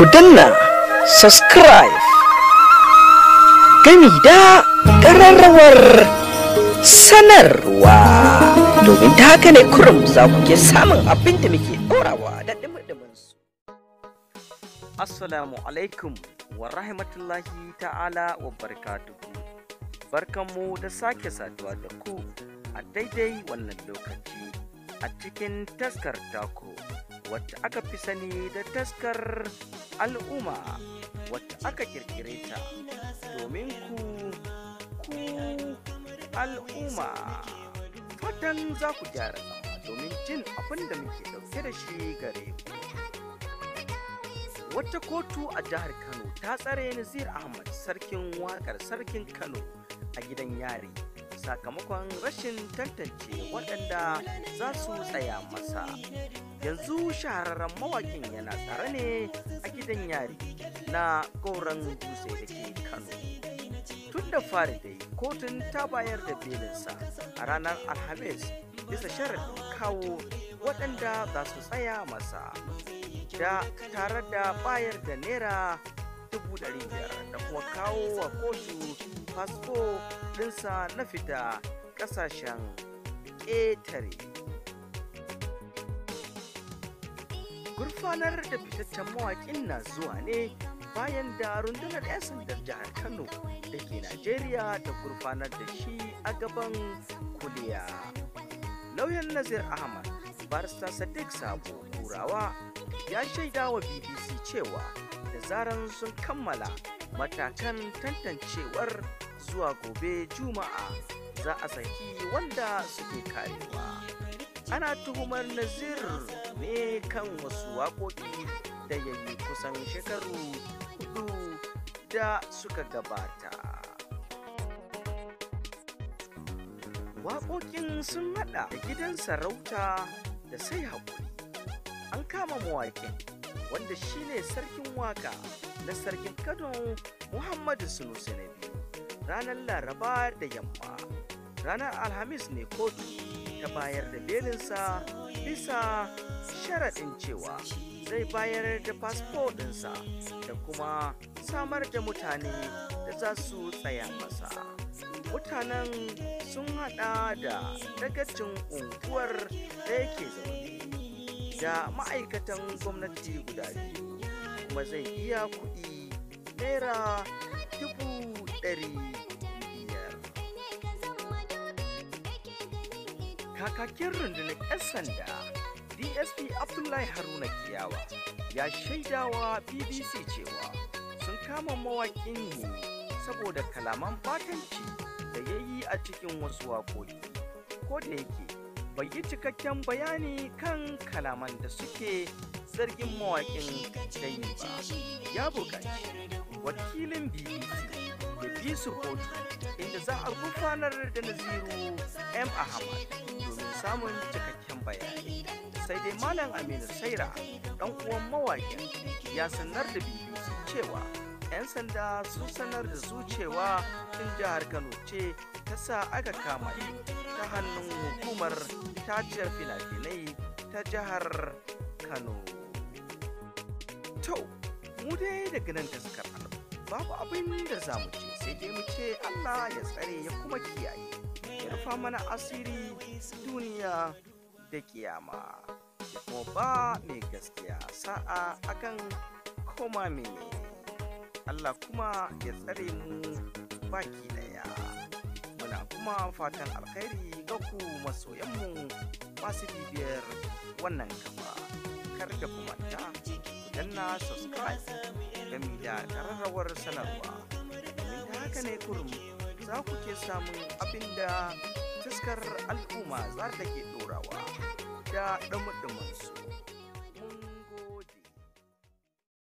ku danna subscribe gami da ƙararrawar sanarwa domin ta haka ne kurum za ku ke samun abin da muke ɗorawa da ɗimin su. Assalamu alaikum wa rahmatullahi ta'ala wa barakatuhu. Barkanmu da sake saduwa da ku a daidai wannan lokaci a cikin taskar taku wacce aka fi sani da taskar al'umma wacce aka kirkire ta domin ku ku al'umma fatan za ku gyara zama domin jin abin da muke ɗauke da shi gare ku wata kotu a jihar kano ta tsare nazir ahmad sarkin wakar sarkin kano a gidan yari sakamakon rashin tantance waɗanda za su tsaya masa yanzu shahararren mawakin yana tsara ne a gidan yari na gauran dutse da ke kano tun da fari yi kotun ta bayar da belinsa a ranar alhamis bisa sharaɗin kawo waɗanda za su tsaya masa da tare da bayar da naira dubu ɗari biyar da kuma kawo wa kotu fasfo ɗinsa na fita ƙasashen ƙetare gurfanar da fitaccen mawaƙin na zuwa ne bayan da rundunar 'yan sandar jihar kano da ke najeriya da gurfanar da shi a gaban kuliya lauyan nazir ahmad barista sadiq sabo turawa ya shaida wa bbc cewa da zaran sun kammala matakan tantancewar zuwa gobe juma'a za a saki wanda suke karewa ana tuhumar nazir ne kan wasu waƙoƙi da ya yi kusan shekaru hudu da suka gabata waƙoƙin sun haɗa da gidan sarauta da sai haƙuri an kama mawaƙin wanda shine sarkin waka na sarkin kano muhammadu sunusi na biyu ranar laraba da yamma ranar alhamis ne kotu ta bayar da belinsa bisa sharaɗin cewa zai bayar da fasfo ɗinsa da kuma samar da mutane da za su tsaya masa mutanen sun haɗa da dagacin unguwar da yake zaune da ma'aikatan gwamnati guda biyu kuma zai iya kuɗi naira dubu kakakin rundunar 'yan sanda dsp abdullahi haruna kiyawa ya shaidawa bbc cewa sun kama mawaƙin ne saboda kalaman batanci da ya yi a cikin wasu waƙoƙi ko da yake bai yi cikakken bayani kan kalaman da suke zargin mawaƙin da yi ba ya buƙaci wakilin bbc da bisu kotu inda za a gufanar da naziru m ahmad samun cikakken bayani sai dai malam aminu saira dan uwan mawaƙin ya sanar da bbc cewa 'yan sanda sun sanar da su cewa tun jihar kano ce ta sa aka kama yi ta hannun hukumar tajiyar finafinai ta jihar kano to mu dai daga nan ta babu abin da zamu ci sai dai mu ce Allah ya tsare ya kuma kiyaye ya rufa mana asiri duniya da kiyama ya kuma ba mai gaskiya sa'a akan koma mene Allah kuma ya tsare mu baki daya muna kuma fatan alkhairi ga ku masoyanmu masu bibiyar wannan kafa kar da kuma ta danna subscribe gami da ƙararrawar sanarwa haka ne kurum za ku ke samun abin da fuskar al'umma za ta ke ɗorawa da su